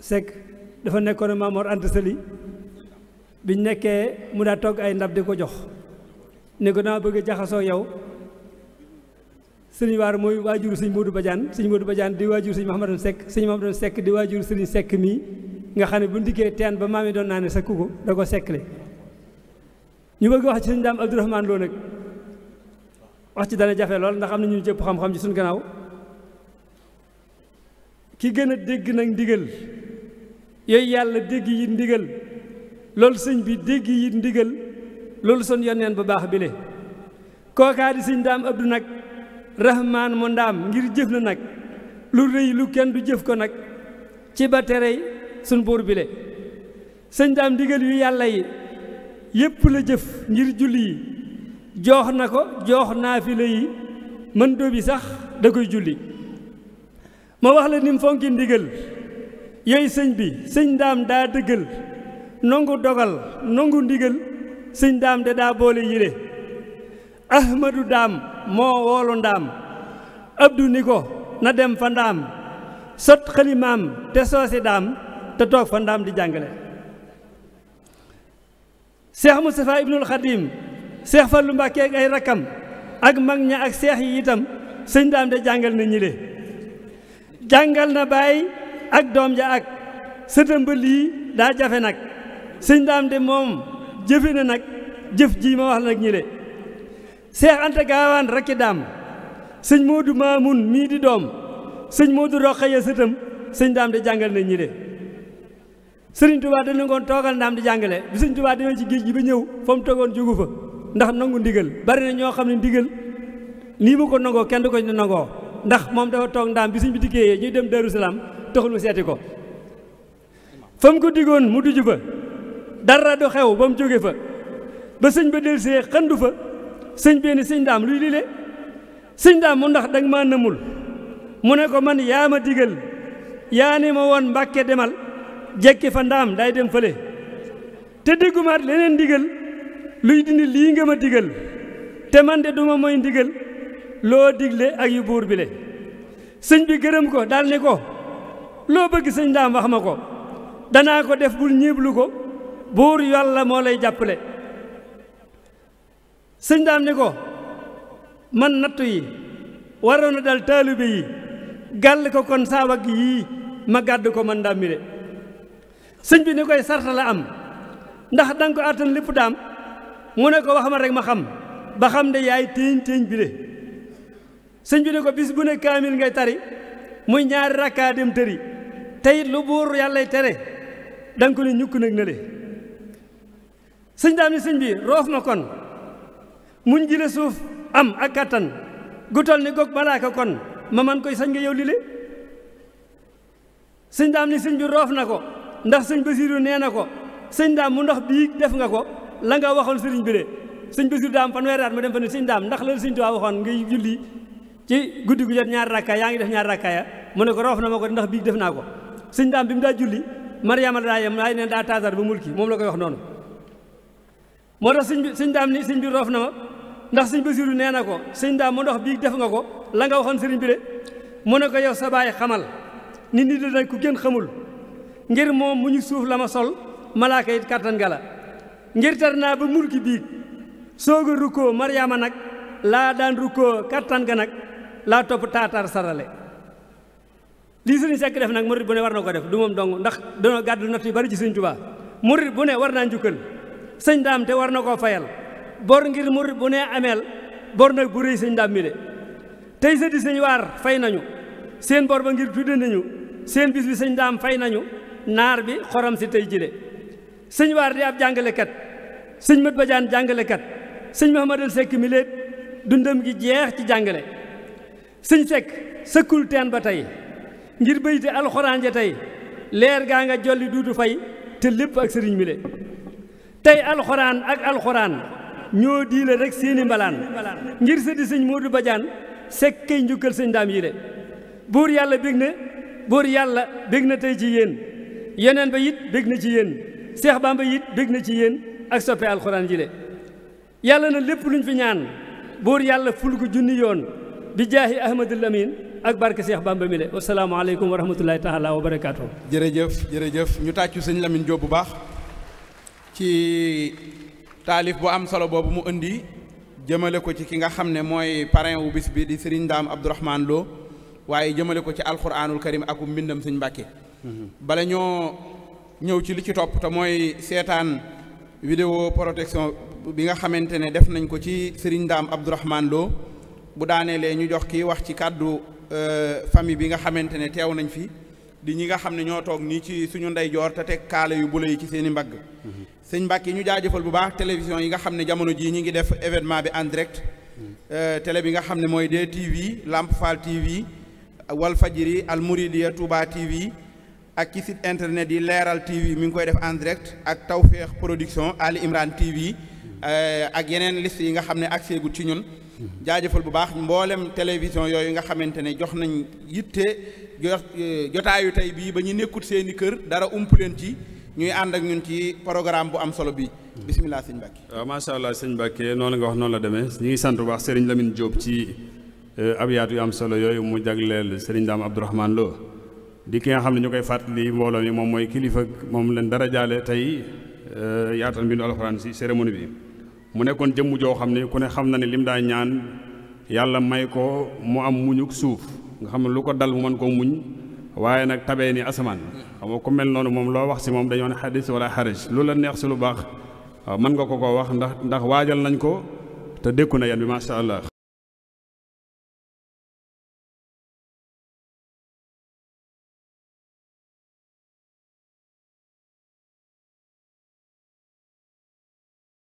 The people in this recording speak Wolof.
Seck dafa nekkoon Maam Mor Anta Sali biñ nekkee mu daa togg ay ndab di ko jox ne ko dama bëgg jaxasoo yow sëriñ waar mooy waajuru sëñ Modou Badiane sëñ Modou bajaan di waajur sëñ Mouhamadou Seck sëñ Mouhamadou Seck di waajur sëriñ sekk mii nga xam ne bu ndikkee teen ba maam yi doon naa ne ko da ko sekkle ñu bëgg wax ci sëñ Daam Abdourahmane Lo nag wax ci dana jafe lool ndax am na ñu jëpp xam-xam ci suñu gannaaw ki gën a dégg nag ndigal yooyu yàlla dégg yi ndigal loolu sëñ bi dégg yi ndigal loolu son yonneen bu baax bile kookaa di sëñ daam abdu nag rahmaan mu ndaam ngir jëf la nag lu rëy lu kenn du jëf ko nag ci ba terey sun buur bile sëñ daam ndigal yu yàlla yi yépp la jëf ngir julli yi joox na ko joox naafila yi mën doo bi sax da koy julli ma wax la ni fonki ndigal yooyu sëñ bi sëñ daam daa dëggal nangu dogal nangu ndigal sëñ daam de daa boole yile ahmadu daam moo woolu ndaam abdu ni ko na dem fa ndaam sot xalimaam te soosi daam te toog fa ndaam di jàngale seex mustafaa ibnul xadim seex fallu mbàkke ak ay rakkam ak mag ña ak seex yi itam sëñ daam de jàngal na ñile jàngal na bàyyi ak doom ja ak sëtam ba lii daal jafe nag sëñ daam de moom jëfe na nag jëf jii ma wax nag ñi le seex anta gaawaan rakki daam sëñ moodu mun mii di doom sëñ moodu roqaya sëtam sëñ daam de jàngal na ñi le sëriñ tubaa dana ngoon toogal ndaam di jàngale bi sëñ tubaa demee ci géej gi ba ñëw fa mu toogoon jógu fa ndax nangu ndigal bari na ñoo xam ne ndigal nii mu ko nangoo kenn du ko nangoo ndax moom dafa toog ndaam bi sëñ bi dikkee ñuy dem Daaru Salaam taxul seeti ko fa mu ko diggoon mu duju fa dara du xew ba mu jóge fa ba sëñ ba delsee xandu fa sëñ bee ni sëñ daam luy lile sëñ daam mu ndax danga maa mu ne ko man yaa ma digal yaa ni ma woon mbàkke demal jekki fa ndaam day dem fële te déggumaat leneen digal luy dindi lii nga ma digal te man de duma mooy ndigal loo digle ak yu buur bi le sëñ bi gërëm ko daal ne ko loo bëgg sëñ daam wax ma ko danaa ko def bul ñiiblu ko buur yàlla moo lay jàppale sëñ daam ni ko man nattu yi waroon na dal taalibe yi gàll ko kon saa wagg yii ma gàdd ko man daam mi sëñ bi ni koy sartala am ndax danga ko àttan lépp daam mu ne ko wax ma rek ma xam ba xam ne yaay téeñ téeñ bi de bi ne ko bis bu ne kaamil ngay tari muy ñaari rakkaa dem teyit lu buur yàllay tere da nga ko ne ñukk nag na le sëñ daam ni sëñ bi roof ma kon muñ jile suuf am ak kàttan gu tol ni goog malaaka kon ma man koy sañ nga yow li le sëñ daam ni sëñ bi roof na ko ndax sëñ basiiru nee na ko sëñ daam mu ndox bii def nga ko la nga waxoon sëriñ bi de sëñ basiiru daam fanweeri mu dem fa ne sëñ daam ndax la sëñ Tuubaa waxoon ngay julli ci guddi gu jot ñaar rakkaay yaa ngi def ñaar rakkaaya mu ne ko roof na ma ndax bii def naa ko sëñ daam bi mu daa julli Mariama la daa yem ay neen daa taasar ba mulki moom la koy wax noonu moo tax sëñ bi sëñ daam ni sëñ bi roof na ma ndax sëñ Basiru nee na ko sëñ daam mu ndox bii def nga ko la nga waxoon sëriñ bi de mu ne ko yow sa baay xamal nit ñi dinañ ku gën xamul ngir moom mu ñu suuf la ma sol malaaka yit kàttan nga la ngir tar naa ba mulki bii soog a rukkoo Mariama nag laa daan rukkoo kàttan ga nag laa topp taatar sarale lii sëriñ Seck def nag murid bu ne war na ko def du moom dong ndax danoo gàddu natt yu bari ci sëriñ Tuubaa murid bu war naa njukkal sëñ daam te war na koo fayal bor ngir murid bu ne ameel bor nag bu rëy sëñ daam mi de tey sëti sëñ waar fay nañu seen bor ba ngir tudde nañu seen bis bi sëñ daam fay nañu naar bi xorom si tey jile sëñ waar di ab jàngalekat sëñ mët ba jaan jàngalekat sëñ Mahamadou Seck mi dundam gi jeex ci jàngale sëñ Seck sëkkul teen ba tey ngir béyte alxuraan ja tey leer gaa nga jolli duudu fay te lépp ak sëriñ mi le tey alxuraan ak alxuraan ñoo diile rek seeni mbalaan ngir seen sëñ Moodu Bajaan sekkay njukkal sëñ daam yi le buur yàlla bég na buur yàlla bég na tey ci yéen yeneen ba it bég na ci yéen seex bamba it bég na ci yéen ak soppe alxuraan ji yàlla na lépp luñ fi ñaan buur yàlla ful ko junni yoon bi jaahi ahmadul amin ak barke Seex Bamba mi le wasalaamaaleykum wa rahmatulahi taala wa barakaatu. jërëjëf jërëjëf ñu tàccu sëñ lamin jóo bu baax ci taalif bu am solo boobu mu indi jëmale ko ci ki nga xam ne mooy parrain wu bis bi di Serigne Dame Abdourahmane Lo waaye jëmale ko ci alxuraanul karim aku mbindam sëñ Mbàkke bala ñoo ñëw ci li ci topp te mooy seetaan vidéo protection bi nga xamante ne def nañ ko ci Serigne Dame Abdourahmane Lo bu daaneelee ñu jox kii wax ci kàddu Euh, famille bi nga xamante ne teew nañ fi di ñi nga xam ne ñoo toog nii ci suñu ndeyjoor te teg kaala yu bula yi ci seen i mbagg sëñ Mbàkke ñu jaajëfal bu baax télévision yi nga xam ne jamono jii ñi ngi def événement bi en direct euh, télé bi nga xam ne mooy DTV Lamp Fall TV Walfajiri Al Mouridiya Touba TV ak ci site internet yi Leeral TV mi ngi koy def en direct ak Tawfekh Production Ali Imran TV euh, ak yeneen liste yi nga xam ne accès gu ci ñun jaajëfal bu baax mboolem télévision yooyu nga xamante ne jox nañ yitte jox jotaayu tey bii ba ñu nekkut seen i kër dara ump leen ci ñuy ànd ak ñun ci programme bu am solo bi bisimilah sëñ Mbacke. waaw macha allah sëñ Mbacke noonu nga wax noonu la demee ñu ngi sant bu baax Serigne lamin jóob ci euh, abyaat yu am solo yooyu mu jagleel Serigne daam Abdourahmane Lo di ki nga xam ne ñu koy fàttali mbooloo mi moom mooy kilifa moom leen dara jaalee tey euh, yaatal mbindu alxuraan si cérémonie bi. mu nekkoon jëmm joo xam ne ku ne xam na ne lim daa ñaan yàlla may ko mu am muñuk suuf nga xam ne lu ko dal mu mën koo muñ waaye nag tabee ni asamaan xam ko mel noonu moom loo wax si moom dañoo ne xadis wala xarij lu la neex si lu baax ah, mën nga ko ko wax ndax ndax waajal nañ ko te dékku na yan bi macha allah.